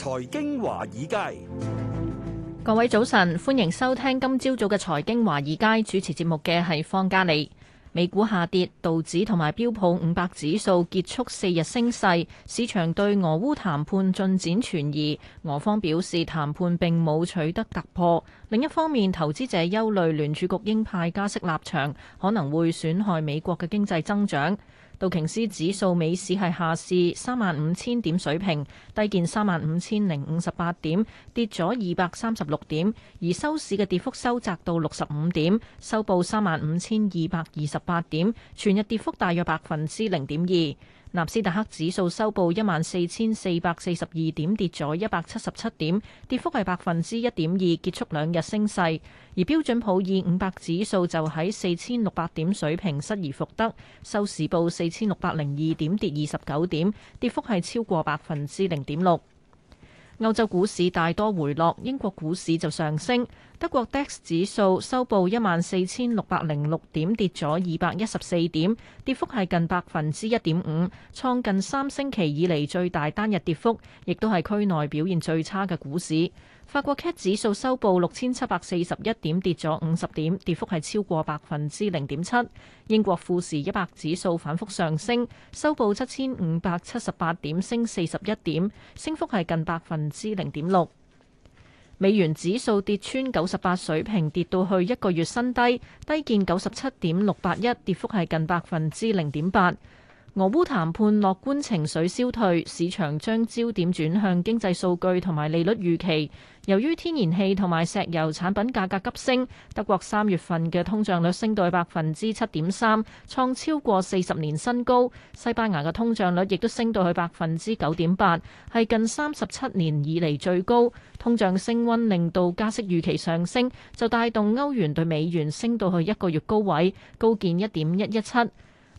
財經華爾街，各位早晨，歡迎收聽今朝早嘅財經華爾街主持節目嘅係方嘉莉。美股下跌，道指同埋標普五百指數結束四日升勢，市場對俄烏談判進展存疑，俄方表示談判並冇取得突破。另一方面，投資者憂慮聯儲局鷹派加息立場可能會損害美國嘅經濟增長。道瓊斯指數尾市係下市三萬五千點水平，低見三萬五千零五十八點，跌咗二百三十六點，而收市嘅跌幅收窄到六十五點，收報三萬五千二百二十八點，全日跌幅大約百分之零點二。納斯達克指數收報一萬四千四百四十二點，跌咗一百七十七點，跌幅係百分之一點二，結束兩日升勢。而標準普爾五百指數就喺四千六百點水平失而復得，收市報四千六百零二點，跌二十九點，跌幅係超過百分之零點六。歐洲股市大多回落，英國股市就上升。德國 DAX 指數收報一萬四千六百零六點，跌咗二百一十四點，跌幅係近百分之一點五，創近三星期以嚟最大單日跌幅，亦都係區內表現最差嘅股市。法國 CAC 指數收報六千七百四十一點，跌咗五十點，跌幅係超過百分之零點七。英國富時一百指數反覆上升，收報七千五百七十八點，升四十一點，升幅係近百分之零點六。美元指數跌穿九十八水平，跌到去一個月新低，低見九十七點六八一，跌幅係近百分之零點八。俄烏談判樂觀情緒消退，市場將焦點轉向經濟數據同埋利率預期。由於天然氣同埋石油產品價格急升，德國三月份嘅通脹率升到去百分之七點三，創超過四十年新高。西班牙嘅通脹率亦都升到去百分之九點八，係近三十七年以嚟最高。通脹升溫令到加息預期上升，就帶動歐元對美元升到去一個月高位，高見一點一一七。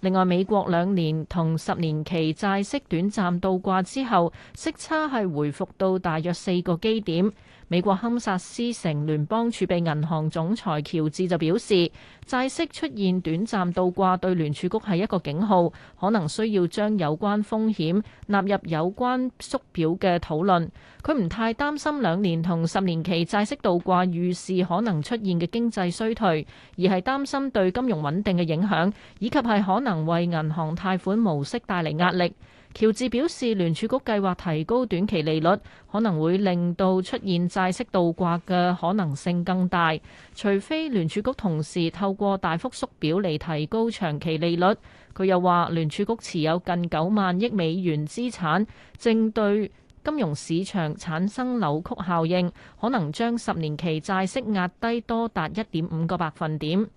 另外，美國兩年同十年期債息短暫倒掛之後，息差係回復到大約四個基點。美國堪薩斯城聯邦儲備銀行總裁喬治就表示，債息出現短暫倒掛對聯儲局係一個警號，可能需要將有關風險納入有關縮表嘅討論。佢唔太擔心兩年同十年期債息倒掛預示可能出現嘅經濟衰退，而係擔心對金融穩定嘅影響，以及係可能為銀行貸款模式帶嚟壓力。喬治表示，聯儲局計劃提高短期利率，可能會令到出現債息倒掛嘅可能性更大，除非聯儲局同時透過大幅縮表嚟提高長期利率。佢又話聯儲局持有近九萬億美元資產正對金融市場產生扭曲效應，可能將十年期債息壓低多達一點五個百分點，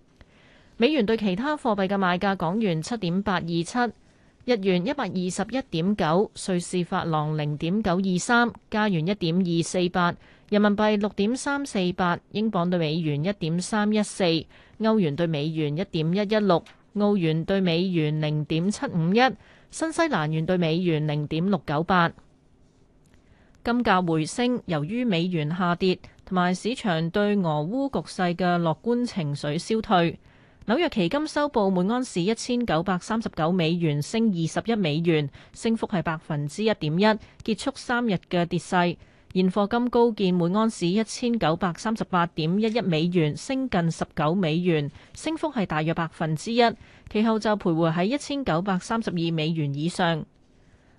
美元對其他貨幣嘅賣價港元七點八二七。日元一百二十一點九，瑞士法郎零點九二三，加元一點二四八，人民幣六點三四八，英鎊對美元一點三一四，歐元對美元一點一一六，澳元對美元零點七五一，新西蘭元對美元零點六九八。金價回升，由於美元下跌同埋市場對俄烏局勢嘅樂觀情緒消退。紐約期金收報每安士一千九百三十九美元，升二十一美元，升幅係百分之一點一，結束三日嘅跌勢。現貨金高見每安士一千九百三十八點一一美元，升近十九美元，升幅係大約百分之一。其後就徘徊喺一千九百三十二美元以上。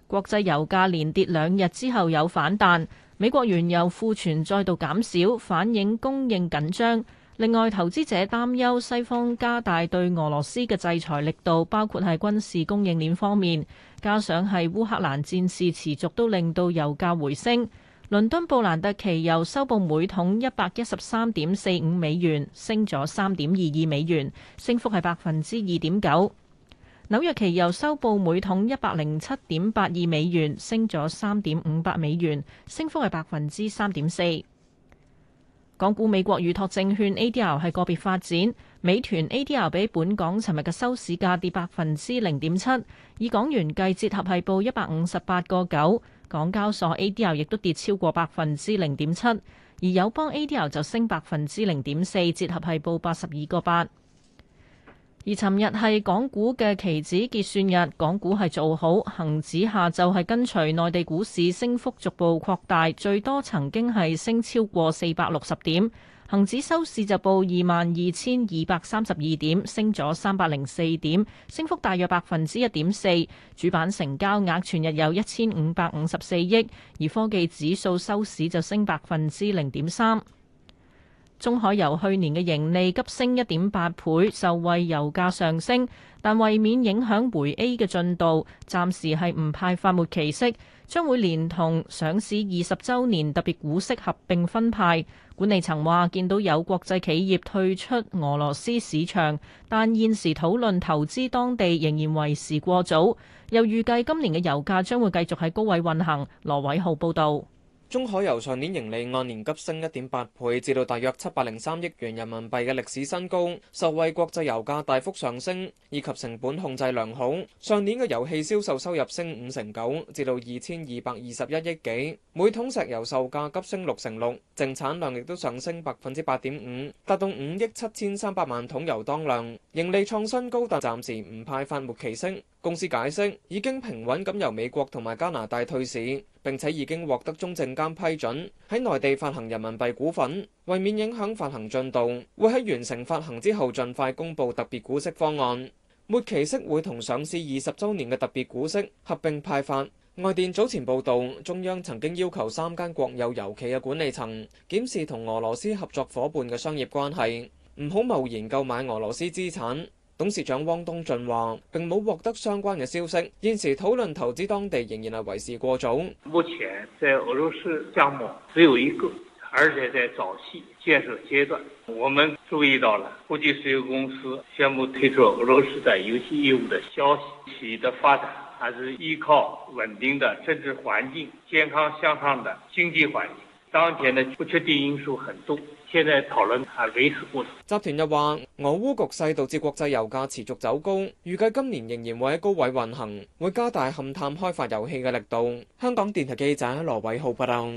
國際油價連跌兩日之後有反彈，美國原油庫存再度減少，反映供應緊張。另外，投資者擔憂西方加大對俄羅斯嘅制裁力度，包括係軍事供應鏈方面，加上係烏克蘭戰事持續都令到油價回升。倫敦布蘭特期油收報每桶一百一十三點四五美元，升咗三點二二美元，升幅係百分之二點九。紐約期油收報每桶一百零七點八二美元，升咗三點五八美元，升幅係百分之三點四。港股美國預託證券 ADR 係個別發展，美團 ADR 比本港尋日嘅收市價跌百分之零點七，以港元計折合係報一百五十八個九。港交所 ADR 亦都跌超過百分之零點七，而友邦 ADR 就升百分之零點四，折合係報八十二個八。而尋日係港股嘅期指結算日，港股係做好，恒指下晝係跟隨內地股市升幅逐步擴大，最多曾經係升超過四百六十點。恒指收市就報二萬二千二百三十二點，升咗三百零四點，升幅大約百分之一點四。主板成交額全日有一千五百五十四億，而科技指數收市就升百分之零點三。中海油去年嘅盈利急升一點八倍，受惠油價上升，但為免影響回 A 嘅進度，暫時係唔派發末期息，將會連同上市二十週年特別股息合併分派。管理層話見到有國際企業退出俄羅斯市場，但現時討論投資當地仍然為時過早。又預計今年嘅油價將會繼續喺高位運行。羅偉浩報道。中海油上年盈利按年急升一點八倍，至到大約七百零三億元人民幣嘅歷史新高，受惠國際油價大幅上升以及成本控制良好。上年嘅油氣銷售收入升五成九，至到二千二百二十一億幾，每桶石油售價急升六成六，淨產量亦都上升百分之八點五，達到五億七千三百萬桶油當量，盈利創新高，但暫時唔派發末期息。公司解釋已經平穩咁由美國同埋加拿大退市，並且已經獲得中證監批准喺內地發行人民幣股份。為免影響發行進度，會喺完成發行之後盡快公佈特別股息方案。末期息會同上市二十週年嘅特別股息合併派發。外電早前報導，中央曾經要求三間國有油企嘅管理層檢視同俄羅斯合作伙伴嘅商業關係，唔好貿然購買俄羅斯資產。董事長汪東進話，並冇獲得相關嘅消息。現時討論投資當地仍然係為時過早。目前在俄羅斯項目只有一個，而且在早期建設階段，我們注意到了國際石油公司宣布退出俄羅斯的油氣業務的消息。企業的發展還是依靠穩定的政治環境、健康向上的經濟環境。當前嘅不確定因素很多，現在討論還為時過早。集團又話，俄烏局勢導致國際油價持續走高，預計今年仍然會喺高位運行，會加大勘探開發油氣嘅力度。香港電台記者羅偉浩報道。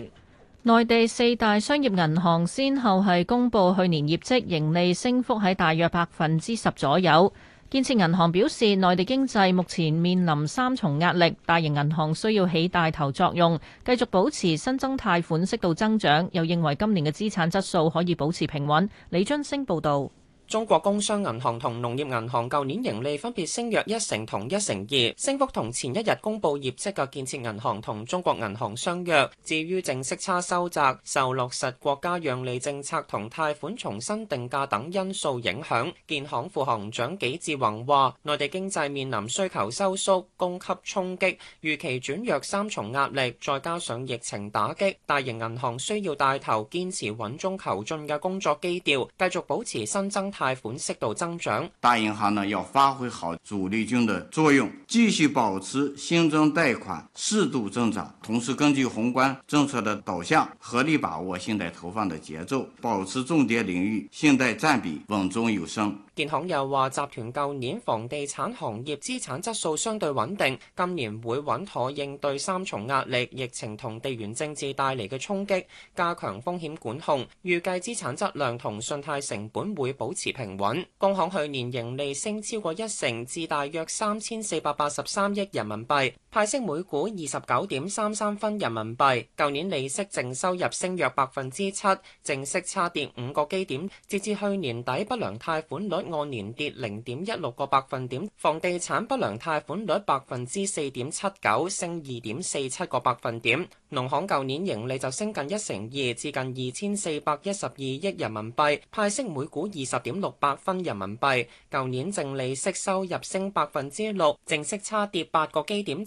內地四大商業銀行先後係公布去年業績，盈利升幅喺大約百分之十左右。建設銀行表示，內地經濟目前面臨三重壓力，大型銀行需要起帶頭作用，繼續保持新增貸款適度增長。又認為今年嘅資產質素可以保持平穩。李津升報道。中國工商銀行同農業銀行舊年盈利分別升約一成同一成二，升幅同前一日公布業績嘅建設銀行同中國銀行相若。至於淨息差收窄，受落實國家讓利政策同貸款重新定價等因素影響。建行副行長紀志宏話：內地經濟面臨需求收縮、供給衝擊、預期轉弱三重壓力，再加上疫情打擊，大型銀行需要帶頭堅持穩中求進嘅工作基調，繼續保持新增。貸款適度增長，大銀行呢要發揮好主力軍的作用，繼續保持新增貸款適度增長，同時根據宏觀政策的導向，合理把握信貸投放的節奏，保持重點領域信貸佔比穩中有升。建行又話，集團舊年房地產行業，業資產質素，素相對穩定，今年會穩妥應對三重壓力，疫情同地緣政治帶嚟嘅衝擊，加強風險管控，預計資產質，質量同信貸成本會保持。平穩，工行去年盈利升超過一成，至大約三千四百八十三億人民幣。派息每股二十九點三三分人民幣，舊年利息淨收入升約百分之七，淨息差跌五個基點。截至去年底，不良貸款率按年跌零點一六個百分點，房地產不良貸款率百分之四點七九，升二點四七個百分點。農行舊年盈利就升近一成二，至近二千四百一十二億人民幣，派息每股二十點六八分人民幣，舊年淨利息收入升百分之六，淨息差跌八個基點。